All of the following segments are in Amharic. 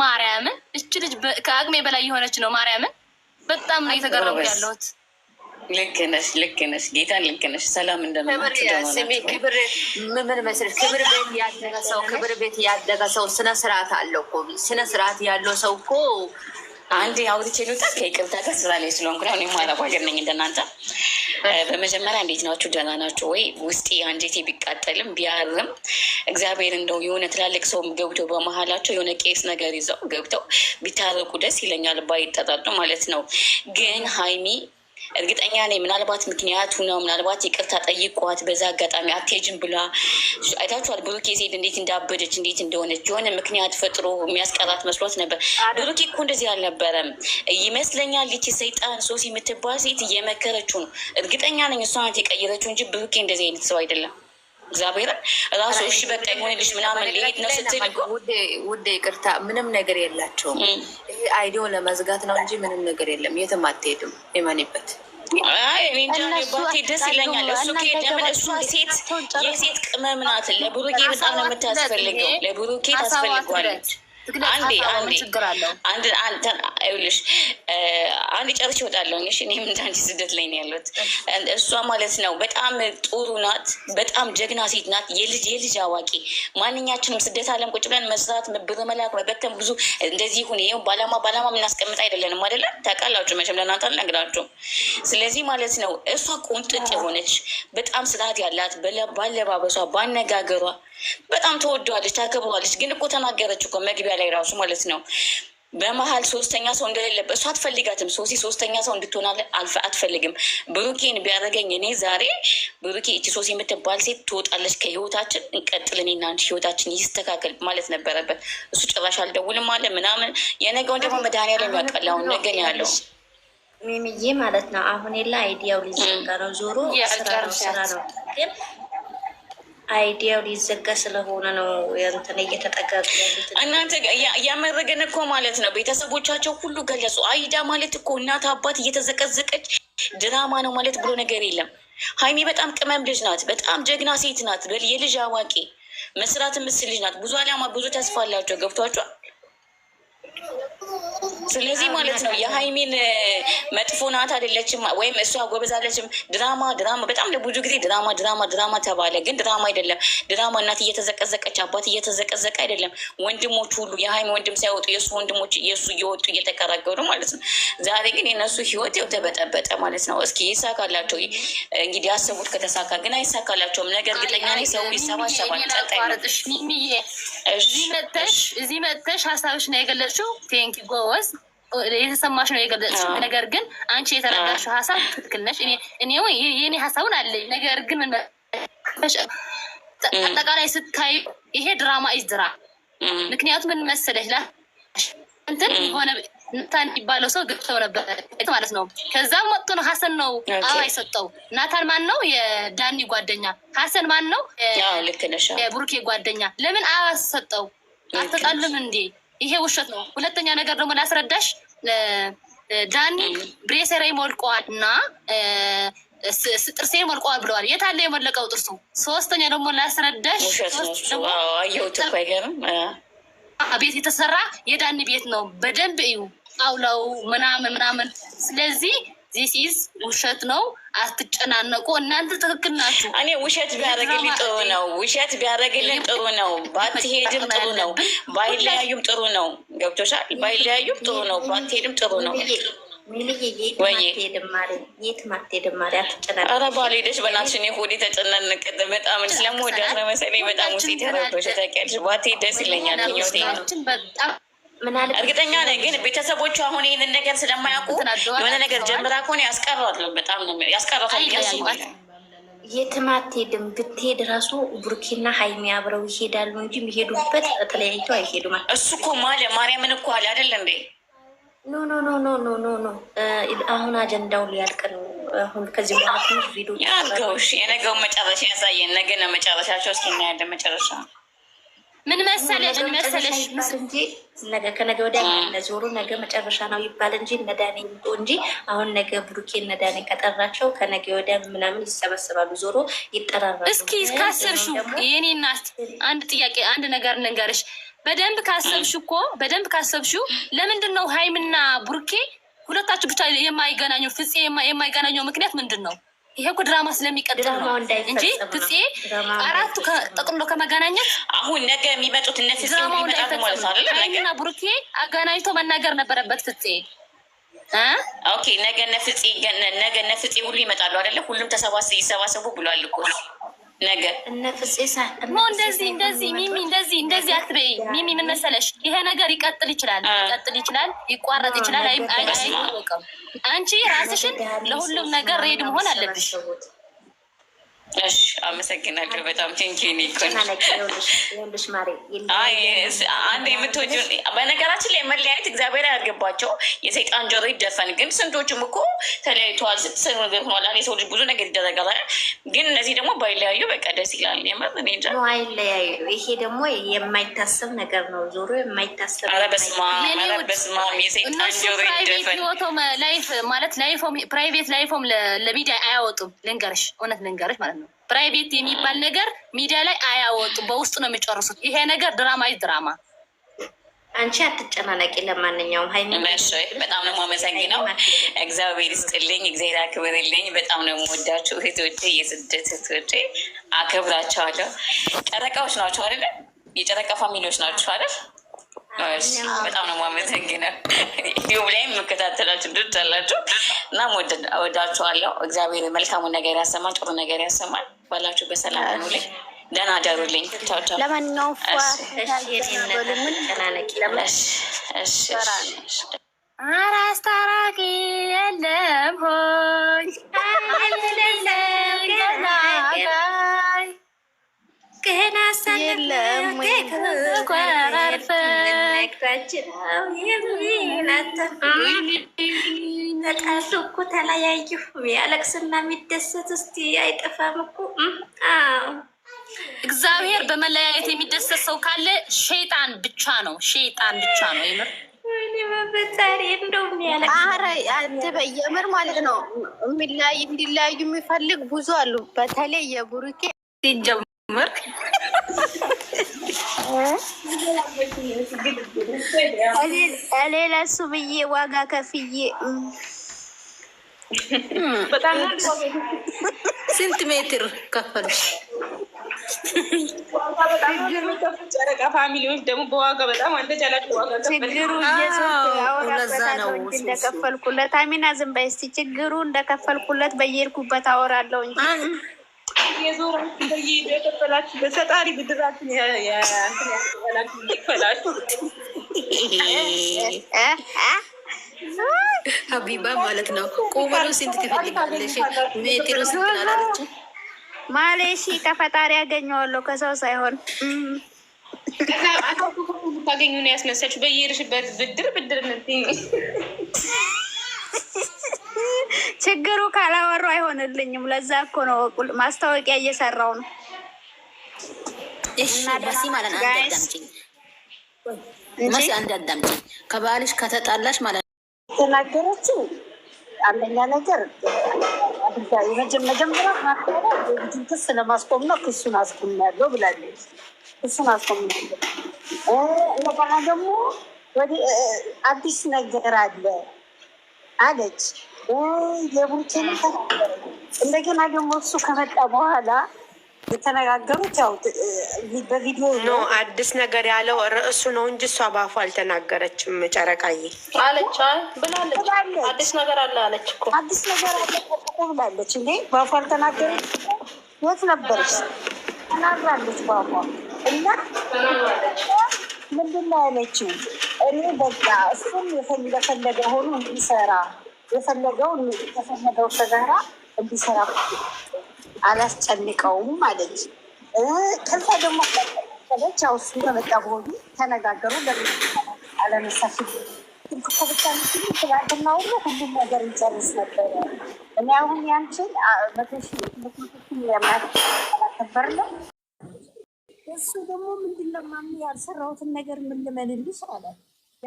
ማርያምን እች ልጅ ከአቅሜ በላይ የሆነች ነው። ማርያምን በጣም ነው የተገረሙ ያለሁት። ልክ ነሽ፣ ልክ ነሽ ጌታ፣ ልክ ነሽ። ሰላም እንደምናክብር ምምን መስል ክብር ቤት ያደገ ሰው ክብር ቤት ያደገ ሰው ስነ ስርዓት አለው እኮ። ስነ ስርዓት ያለው ሰው እኮ አንድ አውርቼ ልውጣ። ከይቅርታ ጋር ስራ ላይ ስለሆንኩ ነው። እኔም አረብ ሀገር ነኝ እንደናንተ። በመጀመሪያ እንዴት ናችሁ? ደህና ናችሁ ወይ? ውስጤ አንጀቴ ቢቃጠልም ቢያርም እግዚአብሔር እንደው የሆነ ትላልቅ ሰው ገብተው በመሀላቸው የሆነ ቄስ ነገር ይዘው ገብተው ቢታረቁ ደስ ይለኛል። ባይጠጣጡ ማለት ነው ግን ሀይሚ እርግጠኛ ነኝ። ምናልባት ምክንያቱ ነው፣ ምናልባት ይቅርታ ጠይቋት በዛ አጋጣሚ አትሄጂም ብላ አይታችኋል። ብሩኬ ሴት እንዴት እንዳበደች እንዴት እንደሆነች የሆነ ምክንያት ፈጥሮ የሚያስቀራት መስሏት ነበር። ብሩኬ እኮ እንደዚህ አልነበረም ይመስለኛል። ልጅ ሰይጣን ሶሲ የምትባል ሴት እየመከረችው ነው። እርግጠኛ ነኝ እሷ ናት የቀየረችው እንጂ ብሩኬ እንደዚህ አይነት ሰው አይደለም። እግዚአብሔርን ራሱ እሺ በቃ ይሆንልሽ ምናምን ሊሄድ ነው ስትል ውዴ፣ ይቅርታ ምንም ነገር የላቸውም። ይሄ አይዲዮ ለመዝጋት ነው እንጂ ምንም ነገር የለም። የትም አትሄድም። ይመኒበት ባቴ ደስ ይለኛል። እሱ ከሄድ እሷ ሴት የሴት ቅመም ናት። ለብሩኬ በጣም ነው የምታስፈልገው። ለብሩኬ ታስፈልገዋለች ይኸውልሽ አንድ ጨርች እወጣለሁ። እሺ እኔም እንዳንቺ ስደት ላይ ነው ያለሁት። እሷ ማለት ነው በጣም ጥሩ ናት፣ በጣም ጀግና ሴት ናት። የልጅ የልጅ አዋቂ ማንኛችንም ስደት አለም ቁጭ ብለን መስራት ብር መላክ መበተን ብዙ እንደዚህ ሁን ይኸው ባላማ ባላማ የምናስቀምጥ አይደለንም አይደለ? ታውቃላችሁ መቼም ለእናንተ አልነግራችሁም። ስለዚህ ማለት ነው እሷ ቁንጥጥ የሆነች በጣም ስርዓት ያላት ባለባበሷ ባነጋገሯ በጣም ተወደዋለች፣ ታከብረዋለች። ግን እኮ ተናገረች እኮ መግቢያ ላይ ራሱ ማለት ነው በመሀል ሶስተኛ ሰው እንደሌለበት እሱ አትፈልጋትም። ሶሲ ሶስተኛ ሰው እንድትሆናለ አልፈ አትፈልግም። ብሩኬን ቢያደርገኝ እኔ ዛሬ ብሩኬ እቺ ሶሲ የምትባል ሴት ትወጣለች ከህይወታችን፣ እንቀጥል እኔና አንቺ ህይወታችን ይስተካከል ማለት ነበረበት። እሱ ጭራሽ አልደውልም አለ ምናምን። የነገውን ደግሞ መድኃኒዓለም ያውቃል። አሁን ነገን ያለው ሚሚዬ ማለት ነው። አሁን የለ አይዲያው ሊዘገረው ዞሮ ስራ ነው ስራ ነው ግን አይዲያው ሊዘጋ ስለሆነ ነው። እንትን እየተጠቀቅ እናንተ እያመረገን እኮ ማለት ነው። ቤተሰቦቻቸው ሁሉ ገለጹ። አይዳ ማለት እኮ እናት አባት እየተዘቀዘቀች ድራማ ነው ማለት ብሎ ነገር የለም። ሀይሜ በጣም ቅመም ልጅ ናት። በጣም ጀግና ሴት ናት። የልጅ አዋቂ መስራት ምስል ልጅ ናት። ብዙ አላማ፣ ብዙ ተስፋ አላቸው። ገብቷቸዋል። ስለዚህ ማለት ነው የሀይሚን መጥፎ ናት አይደለችም፣ ወይም እሷ ጎበዛለችም። ድራማ ድራማ በጣም ለብዙ ጊዜ ድራማ ድራማ ድራማ ተባለ፣ ግን ድራማ አይደለም። ድራማ እናት እየተዘቀዘቀች አባት እየተዘቀዘቀ አይደለም። ወንድሞች ሁሉ የሀይሚ ወንድም ሳይወጡ የእሱ ወንድሞች የእሱ እየወጡ እየተቀራገሩ ማለት ነው። ዛሬ ግን የነሱ ህይወት ያው ተበጠበጠ ማለት ነው። እስኪ ይሳካላቸው እንግዲህ ያሰቡት ከተሳካ፣ ግን አይሳካላቸውም። ነገር እርግጠኛ ነኝ ሰው ይሰባሰባል። ጠጠ እዚህ መተሽ ሀሳብሽ ነው የገለጽ የገለጽሽው ቴንክ ጎወዝ የተሰማሽ ነው የገለጽሽው። ነገር ግን አንቺ የተረዳሽው ሀሳብ ትክክል ነሽ። እኔ የኔ ሀሳቡን አለኝ። ነገር ግን አጠቃላይ ስታዩ ይሄ ድራማ ኢዝ ድራ ምክንያቱም ምን መሰለሽ እንትን የሆነ ናታን የሚባለው ሰው ገብተው ነበር ማለት ነው። ከዛም መጡ ነው ሀሰን ነው አባ የሰጠው። ናታን ማን ነው? የዳኒ ጓደኛ። ሀሰን ማን ነው? የቡርኬ ጓደኛ። ለምን አባ ሰጠው? አልተጣሉም እንዴ? ይሄ ውሸት ነው። ሁለተኛ ነገር ደግሞ ላስረዳሽ፣ ዳኒ ብሬሰሬ ሞልቀዋል እና ጥርሴ ሞልቀዋል ብለዋል። የት አለ የሞለቀው ጥርሱ? ሶስተኛ ደግሞ ላስረዳሽ፣ ቤት የተሰራ የዳኒ ቤት ነው። በደንብ እዩ፣ ጣውላው ምናምን ምናምን። ስለዚህ ዚስ ኢዝ ውሸት ነው፣ አትጨናነቁ። እናንተ ትክክል ናችሁ። እኔ ውሸት ቢያደርግልኝ ጥሩ ነው። ውሸት ቢያደርግልኝ ጥሩ ነው። ባትሄድም ጥሩ ነው። ባይለያዩም ጥሩ ነው። ገብቶሻል? ባይለያዩም ጥሩ ነው። ባትሄድም ጥሩ ነው። ኧረ ባል በእናትሽ እኔ ሆዴ ተጨናነቀ። በጣም ስለምወዳት ነው መሰለኝ። በጣም ውስጤ ተረብቶሽ ታውቂያለሽ። ባትሄድ ደስ ይለኛል። ነው። እርግጠኛ ነኝ ግን ቤተሰቦቹ አሁን ይህንን ነገር ስለማያውቁ የሆነ ነገር ጀምራ ከሆነ ያስቀሯታል። በጣም ያስቀሯታል። ብትሄድ ራሱ ቡርኪና ሀይሚ አብረው ይሄዳሉ እንጂ የሚሄዱበት ተለያይቶ አይሄዱም። እሱ እኮ ማለ ማርያምን እኮ አለ አይደል እንዴ? ኖ ኖ ኖ ኖ ኖ ኖ ኖ አሁን አጀንዳው ሊያልቅ ነው። አሁን ከዚህ በኋላ ትንሽ ቪዲዮ ያልገውሽ የነገውን መጨረሻ ያሳየን። ነገ ነው መጨረሻቸው። እስኪ እናያለን መጨረሻ ምን መሰለሽ ምን መሰለሽ እንጂ ነገ ከነገ ወዲያ ለዞሩ ነገ መጨረሻ ነው ይባል እንጂ እነዳኔ እንጂ አሁን ነገ ብሩኬ መዳኔ ከጠራቸው ከነገ ወዲያ ምናምን ይሰበሰባሉ፣ ዞሮ ይጠራራሉ። እስኪ ካሰብሽ የኔ እናት አንድ ጥያቄ አንድ ነገር ንገርሽ። በደንብ ካሰብሽ እኮ በደንብ ካሰብሽ ለምንድን ነው ሀይምና ብሩኬ ሁለታችሁ ብቻ የማይገናኙ ፍፄ የማይገናኘው ምክንያት ምንድን ነው? ይሄ እኮ ድራማ ስለሚቀጥል ነው እንጂ ግፄ አራቱ ጠቅሎ ከመገናኘት አሁን ነገ የሚመጡት እነዚህ ድራማው እንዳይፈጸምና ብሩኬ አገናኝቶ መናገር ነበረበት ግፄ። ኦኬ ነገ ነፍፄ ነገ ነፍፄ ሁሉ ይመጣሉ አይደለ? ሁሉም ተሰባስ ይሰባሰቡ ብሏል እኮ ነገር እንደዚህ እንደዚህ ሚሚ እንደዚህ እንደዚህ አትበይ ሚሚ። ምን መሰለሽ ይሄ ነገር ይቀጥል ይችላል ይቀጥል ይችላል ይቋረጥ ይችላል። አንቺ ራስሽን ለሁሉም ነገር ሬድ መሆን አለብሽ። እሺ አመሰግናለሁ። በጣም ቴንኪኒ አንድ የምትወጁ በነገራችን ላይ መለያየት እግዚአብሔር ያድርግባቸው። የሰይጣን ጆሮ ይደፈን። ግን ስንቶችም እኮ ተለያይተዋል፣ ስትስር ነገር ሆኗል። የሰው ልጅ ብዙ ነገር ይደረጋል። ግን እነዚህ ደግሞ ባይለያዩ በቃ ደስ ይላል። የምር እኔ እንጃ አይለያዩ። ይሄ ደግሞ የማይታሰብ ነገር ነው፣ ዞሮ የማይታሰብ ኧረ በስመ አብ ኧረ በስመ አብ። የሰይጣን ጆሮ ይደፈን። ላይፍ ማለት ፕራይቬት ላይፎም ለሚዲያ አያወጡም። ልንገርሽ፣ እውነት ልንገርሽ ማለት ነው ፕራይቬት የሚባል ነገር ሚዲያ ላይ አያወጡ፣ በውስጡ ነው የሚጨርሱት። ይሄ ነገር ድራማዊ ድራማ አንቺ አትጨናነቂ። ለማንኛውም ሀይሚ በጣም ነው የማመሰግነው። እግዚአብሔር ይስጥልኝ፣ እግዚአብሔር አክብርልኝ። በጣም ነው የምወዳቸው እህቶቼ፣ የስደት እህቶቼ አክብራቸዋለሁ። ጨረቃዎች ናቸው አይደለ? የጨረቃ ፋሚሊዎች ናቸው አይደል? በጣም ነው ማመሰግነው። ዩብ ላይ የምከታተላችሁ ድርጅት አላችሁ እና ወዳችኋለሁ። እግዚአብሔር መልካሙን ነገር ያሰማል፣ ጥሩ ነገር ያሰማል። ባላችሁ በሰላም ነው ላይ ደህና አደሩልኝ። ለማንኛውም ኧረ አስታራቂ የለም ሆይ ተጣሉ እኮ ተለያዩ። የሚያለቅስና የሚደሰት እስቲ አይጠፋም እኮ። እግዚአብሔር በመለያየት የሚደሰት ሰው ካለ ሸይጣን ብቻ ነው፣ ሸይጣን ብቻ ነው። የምር ኧረ አንተ በየምር ማለት ነው እንዲለያዩ የሚፈልግ ብዙ አሉ። በተለይ የቡሩኬ ሲጀምር እኔ ለሱ ብዬ ዋጋ ከፍዬ ስንት ሜትር ከፈልሽ? ፋሚሊዎች ደግሞ በዋጋ በጣም እንደከፈልኩለት አሚና ዝም በይ እስኪ ችግሩ እንደከፈልኩለት በየሄድኩበት አወራለሁ እንጂ የዞራችሁ በየሄዱ የከፈላችሁ በፈጣሪ ብድራችን ይክፈላችሁ። ሀቢባ ማለት ነው። ቁመሮ ስንት ትፈልጋለሽ? ሜትሮ ስንት ናላለች? ማሌሺ ከፈጣሪ ያገኘዋለሁ ከሰው ሳይሆን ታገኙ ነው ያስመሰልሽ። በየሄድሽበት ብድር ብድር ምት ችግሩ ካላወሩ አይሆንልኝም። ለዛ እኮ ነው ማስታወቂያ እየሰራው ነው። መሲ አንድ አዳምጪኝ። ከባልሽ ከተጣላሽ ማለት ተናገረችው። አንደኛ ነገር መጀመሪያ ክስ ለማስቆም ነው። ክሱን ያለው ብላለች። ክሱን አስቆሚያለሁ። እንደገና ደግሞ አዲስ ነገር አለ አለች የቡርኪና እንደገና ደግሞ እሱ ከመጣ በኋላ የተነጋገሩት ያው በቪዲዮ ነው። አዲስ ነገር ያለው ርዕሱ ነው እንጂ እሷ አልተናገረችም። ጨረቃዬ አለች ብላለች። አዲስ ነገር አለ አለች እኮ አዲስ ነገር አለ ብላለች። እንዴ አልተናገረች? የት ነበረች? ተናግራለች እና ምንድን ነው ያለችው? እኔ በቃ እሱም የፈለገ ሆኖ እንዲሰራ የፈለገው ከፈለገው ከጋራ እንዲሰራ አላስጨንቀውም አለች። ከዛ ደግሞ ለች ያው እሱ በመጣ በሆኑ ተነጋገሩ። አለመሳፊ ብቻ ትላንትና ሁሉ ሁሉም ነገር ይጨርስ ነበረ። እኔ አሁን ያንችን ያከበር ነው። እሱ ደግሞ ምንድን ነው ማሚ ያልሰራሁትን ነገር ምን ልመልልሽ አለ።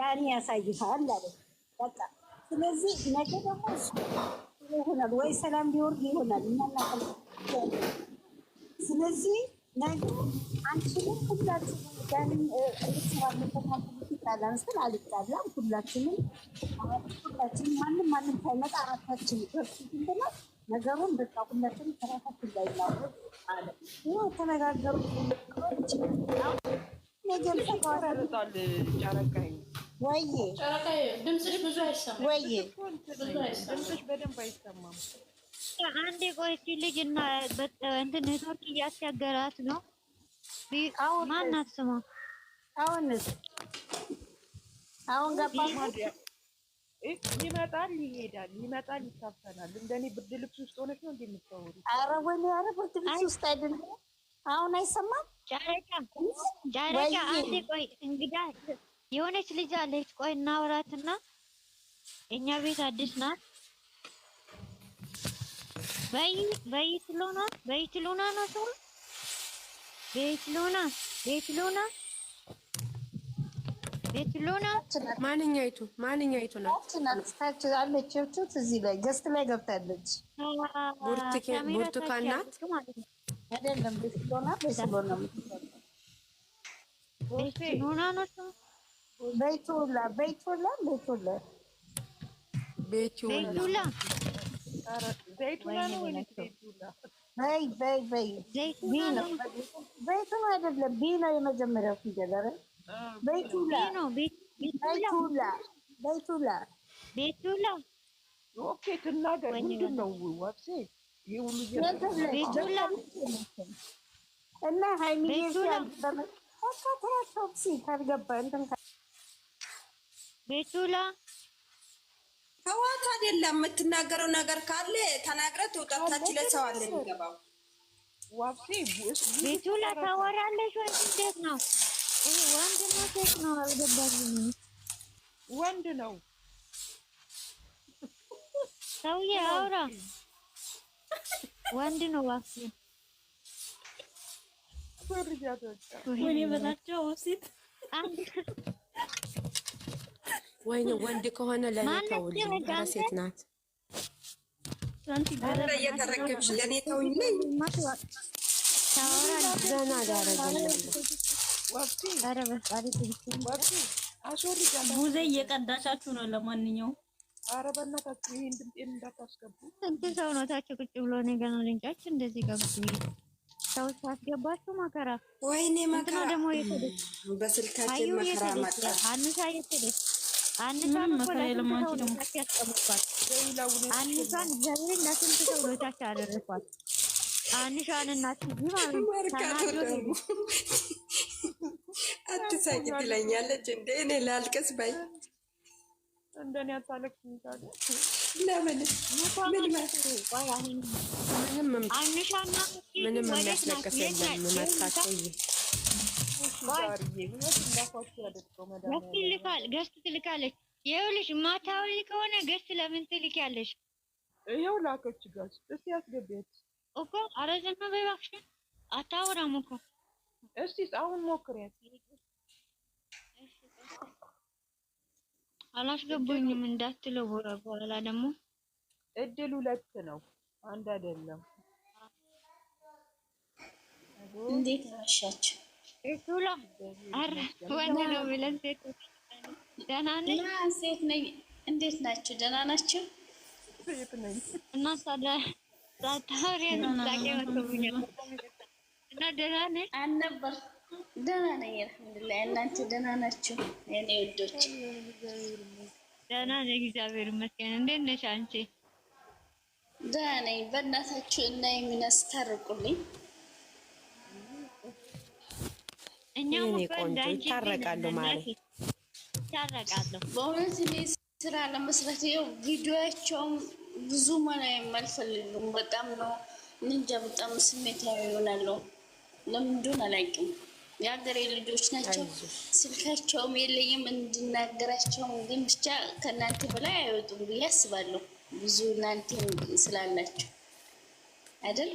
ያኔ ያሳይሻል አለ በቃ ስለዚህ ነገ ደግሞ ይሆናል ወይ ሰላም ሊወርድ ይሆናል እናና ስለዚህ ነገ አንችንም ሁላችንም ጋንም እንድትሰራበት ስል አልጣላም። ሁላችንም ሁላችንም ማንም ማንም ሳይመጣ አራታችን ደርሱ ነገሩን በቃ ሁላችን ከራሳችን ላይ ላወቅ አለ ተነጋገሩ ነገር ተቋረጣል ጨረቃይ ወይ ድምፅሽ ብዙ አይሰማም። ወይ ድምፅሽ በደንብ አይሰማም። አንዴ ቆይቼ ልጅ እና እንትን ኔትወርክ እያስቸገራት ነው። ማናት ስሟ? አሁንስ አሁን ገባ። ይመጣል ይሄዳል፣ ይመጣል ይታፈናል። እንደኔ ብርድ ልብስ ውስጥ ሆነች ነው እንዴ የምታወሪው? ኧረ ወይኔ! ኧረ ብርድ ልብስ ውስጥ አይደለም። አሁን አይሰማም። ጨረቃ ጨረቃ፣ አንዴ ቆይ እንግዳ የሆነች ልጅ አለች። ቆይ እናውራትና እኛ ቤት አዲስ ናት። በይ በይትሉና ትሎና ነው ሰው ቤትሉና ቤትሉና ቤትሉና ማንኛይቱ ማንኛይቱ ናት ታች አለች። እቺ እዚህ ላይ ገስት ላይ ገብታለች። ብርቱካን ናት አይደለም? ቤትሉና ቤትሉና ነው ቤቱላ ቤቱላ ቤቱላ ቤቱላ ቤቱን አይደለም፣ ቢ ነው የመጀመሪያው ፊደል። ኧረ ቤቱላ ቤቱላ ቤቱላ ኦኬ፣ ትናገር ምንድን ነው ዋብሴ እና ሀይሚዬ ሲያል በመ ካልገባ እንትን ቤቱላ ህዋት አይደለም የምትናገረው ነገር ካለ ተናግረ ትውጣታች። ለሰው አለ የሚገባው ቤቱላ ታወራለች ወይ እንዴት ነው? ወንድ ነው ሴት ነው? አልገባኝም። ወንድ ነው ሰውዬ አውራ ወንድ ነው ዋፍሲ ሶሪ ያደርጋ ወሲት ወይኔ ወንድ ከሆነ ለእኔ ተውልኝ። ሴት ናት። ኧረ እየቀዳሻችሁ ነው። ለማንኛውም ስንት ሰው ነው ታች ቁጭ ብሎ እኔ ገና ልንጫች እንደዚህ ሰው ሳስገባችሁ መከራ ወይኔ መከራ ደግሞ በስልካችን መከራ አንሳ አንሳን መከራዬን አንቺ ደግሞ አንሳን እግዚአብሔርን አትሳቂ ትለኛለች እንደ እኔ ላልቅስ ባይ እንደኔ አታለቅስም ለምን ምንም ምንም የሚያስለቅስ የለም መታቸው ገስት ትልካለች። ይኸውልሽ ማታውል ከሆነ ገስት ለምን ትልኪያለሽ? ይኸው ላከች ጋስ እስቲ አስገቢያት እኮ። ኧረ ዝም በይ እባክሽን፣ አታወራም እኮ። እስቲ አሁን ሞክሪያት። አላስገቡኝም እንዳትለው በኋላ ደግሞ እድል ሁለት ነው፣ አንድ አይደለም። እንዴት አመሻችሁ? ወንድ ነው ብለን ሴት ደህና ነኝ ሴት ነኝ። እንዴት ናችሁ? ደህና ናችሁ? እና ደህና ነኝ አልነበር ደህና ነኝ አልሐምዱሊላህ። እናንተ ደህና ናችሁ? የእኔ ውዶች ደህና ነኝ እግዚአብሔር ይመስገን። እንዴት ነሽ አንቺ? ደህና ነኝ። በእናታችሁ እና የሚነስታርቁልኝ እኔ ቆንጆ ይታረቃሉ ማለት ይታረቃሉ። በእውነት እኔ ስራ ለመስራት ይኸው ቪዲዮቸውም ብዙ ማናየም አልፈልግም። በጣም ነው እንጃ፣ በጣም ስሜታዊ ይሆናለሁ። ለምን አላውቅም። የሀገሬ ልጆች ናቸው። ስልካቸውም የለኝም እንድናገራቸውም፣ ግን ብቻ ከእናንተ በላይ አይወጡም ብዬ አስባለሁ። ብዙ እናንተ ስላላቸው አይደል?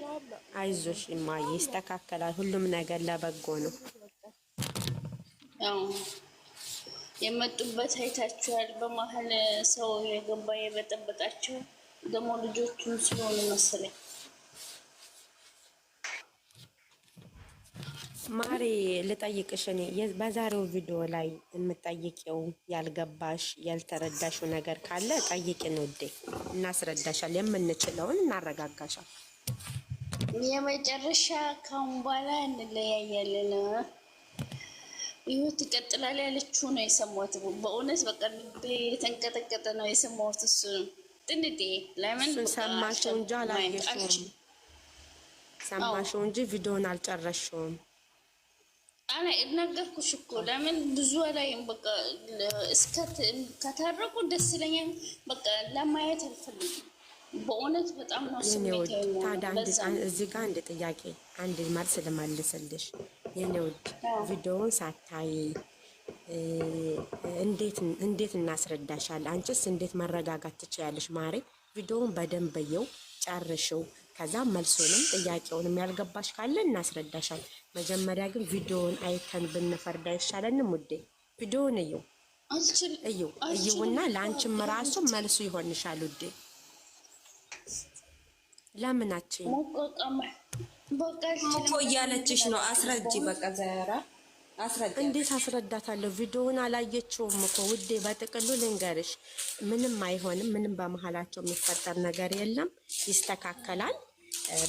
አይዞሽ እማዬ፣ ይስተካከላል። ሁሉም ነገር ለበጎ ነው። የመጡበት አይታችኋል። በመሀል ሰው የገባ የበጠበጣቸው ደግሞ ልጆቹን ስለሆኑ መሰለኝ። ማሪ ልጠይቅሽ፣ እኔ በዛሬው ቪዲዮ ላይ የምጠይቂው ያልገባሽ ያልተረዳሽው ነገር ካለ ጠይቂን፣ ውዴ እናስረዳሻል። የምንችለውን እናረጋጋሻል። የመጨረሻ ካሁን በኋላ እንለያያለን። ህይወት ትቀጥላል ያለችው ነው የሰማሁት። በእውነት በቃ የተንቀጠቀጠ ነው የሰማሁት። እሱ ነው ጥንዴ ለምን ሰማሽው እንጂ አላየሽውም። ሰማሽው እንጂ ቪዲዮን አልጨረሽውም። አና ነገርኩሽ እኮ ለምን ብዙ አላይም። በቃ እስከ ከታረቁ ደስ ይለኛል። በቃ ለማየት አልፈልግም በእውነት በጣም ነው ስሜት። ታዲያ እዚህ ጋር አንድ ጥያቄ አንድ መልስ ልመልስልሽ። የኔ ውድ ቪዲዮውን ሳታይ እንዴት እናስረዳሻል? አንቺስ እንዴት መረጋጋት ትችያለሽ? ማሬ ቪዲዮውን በደንብ በየው ጨርሽው። ከዛ መልሶንም ጥያቄውንም ያልገባሽ ካለ እናስረዳሻል። መጀመሪያ ግን ቪዲዮውን አይተን ብንፈርዳ ይሻለንም ውዴ። ቪዲዮውን እየው እየውና ለአንቺም ራሱ መልሱ ይሆንሻል ውዴ። ለምናችን እኮ እያለችሽ ነው። አስረጂ በቃ ዘራ እንዴት አስረዳታለሁ? ቪዲዮውን አላየችውም እኮ ውዴ። በጥቅሉ ልንገርሽ፣ ምንም አይሆንም። ምንም በመሀላቸው የሚፈጠር ነገር የለም። ይስተካከላል።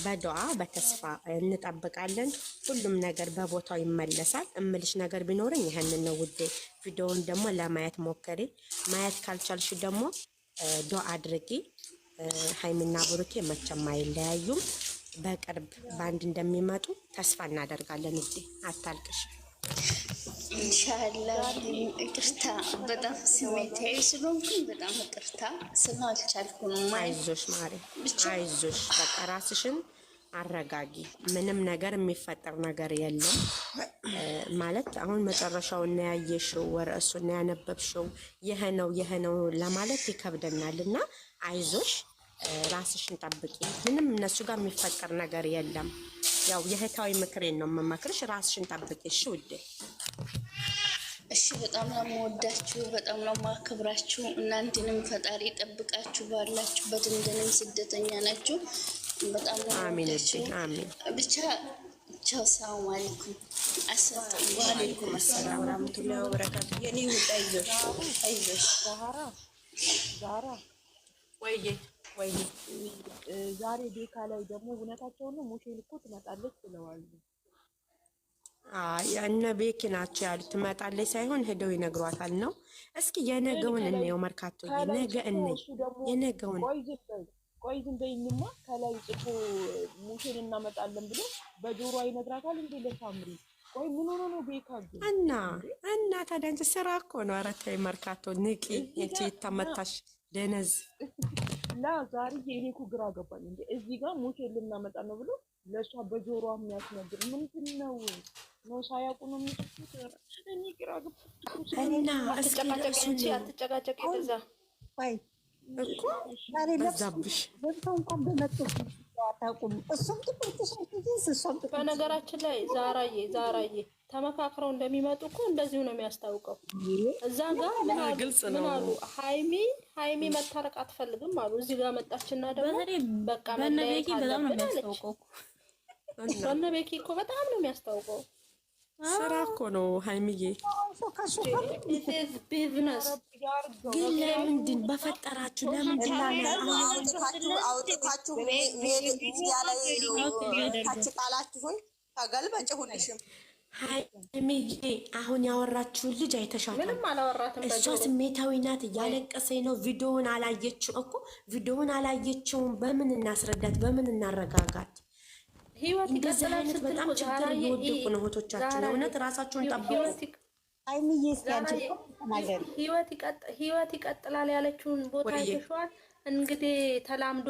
በዱዓ በተስፋ እንጠብቃለን። ሁሉም ነገር በቦታው ይመለሳል። እምልሽ ነገር ቢኖረኝ ይህንን ነው ውዴ። ቪዲዮውን ደግሞ ለማየት ሞክሪ። ማየት ካልቻልሽ ደግሞ ዱዓ አድርጊ። ሀይሚና ብሩኬ መቼም አይለያዩም። በቅርብ በአንድ እንደሚመጡ ተስፋ እናደርጋለን። ውዴ አታልቅሽ። ኢንሻላ ይቅርታ፣ በጣም ስሜታዊ ስለሆንኩኝ በጣም ይቅርታ። ስማ ነው። አይዞሽ ማሪ፣ አይዞሽ በቃ ራስሽን አረጋጊ። ምንም ነገር የሚፈጠር ነገር የለም ማለት አሁን መጨረሻው እና ያየሽው ወርዕሱ እና ያነበብሽው ይህ ነው ይህ ነው ለማለት ይከብደናል እና አይዞሽ ራስሽን ጠብቂ። ምንም እነሱ ጋር የሚፈቀር ነገር የለም። ያው የህታዊ ምክሬን ነው የምመክርሽ። ራስሽን ጠብቂ እሺ ውዴ። እሺ በጣም ነው የምወዳችሁ፣ በጣም ነው የማክብራችሁ። እናንተንም ፈጣሪ ጠብቃችሁ ባላችሁበት። እንደንም ስደተኛ ናችሁ። በጣም ነው አሚን፣ እሺ አሚን። ብቻ ቻው። ሰላም አለይኩም። ዋለይኩም አሰላም ወራህመቱላሂ ወበረካቱ። የኔ ውድ አይዞሽ፣ አይዞሽ ዛራ ዛራ ወይዬ ወይ ዛሬ ቤካ ላይ ደግሞ እውነታቸውን ነው ሙሼ ልኮ ትመጣለች ብለዋል። እነ ቤኪ ናቸው ያሉት። ትመጣለች ሳይሆን ሄደው ይነግሯታል ነው። እስኪ የነገውን እንየው። መርካቶ ነገ የነገውን ቆይ ዝም በይኝማ። ከላይ ጽፎ ሙሴን እናመጣለን ብሎ ይነግራታል እንዴ ለሳምሪ። ቆይ ምን ሆኖ ነው ቤካ እና እና ታዲያ አንቺ ስራ እኮ ነው። ኧረ ተይ መርካቶ ንቂ። ደነዝ ላ ዛሬ የኔ እኮ ግራ ገባኝ። እንደ እዚህ ጋር ሙሴ ልናመጣ ነው ብሎ ለእሷ በጆሮዋ የሚያስነግር ምንድን ነው ነው ሳያውቁ ነው የሚጽፉት። እኔ ግራ ገባኝ። አትጨቃጨቅ በዛ እኮ ዛሬ ለብሰሽ ገብተው እንኳን በመጡት አታውቁም። እሱም ጥቁር ትሸርት ጂንስ እሷም ጥቁር። በነገራችን ላይ ዛራዬ ዛራዬ ተመካክረው እንደሚመጡ እኮ እንደዚሁ ነው የሚያስታውቀው። እዛ ጋር ምን አሉ? ሀይሚ ሀይሚ መታረቅ አትፈልግም አሉ። እዚህ ጋር መጣችና ደግሞ በቃ መለያየት አለብን አለች። በነ ቤኪ እኮ በጣም ነው የሚያስታውቀው። ስራ እኮ ነው ሀይሚዬ። ቢዝነስ ግን ለምንድን በፈጠራችሁ ለምንድን አውጥታችሁ ሚዲያ ላይ ታችቃላችሁን ተገልበጭ ሁንሽም ሀይሚዬ አሁን ያወራችሁን ልጅ አይተሻታል? እሷ ስሜታዊ ናት፣ እያለቀሰኝ ነው። ቪዲዮውን አላየችው እኮ ቪዲዮውን አላየችውም። በምን እናስረዳት? በምን እናረጋጋት? እንደዚህ አይነት በጣም ችግር የወደቁ ነው እህቶቻችን። እውነት ራሳቸውን ጠብቁ። ህይወት ይቀጥላል ያለችውን ቦታ አይተሸዋል። እንግዲህ ተላምዶ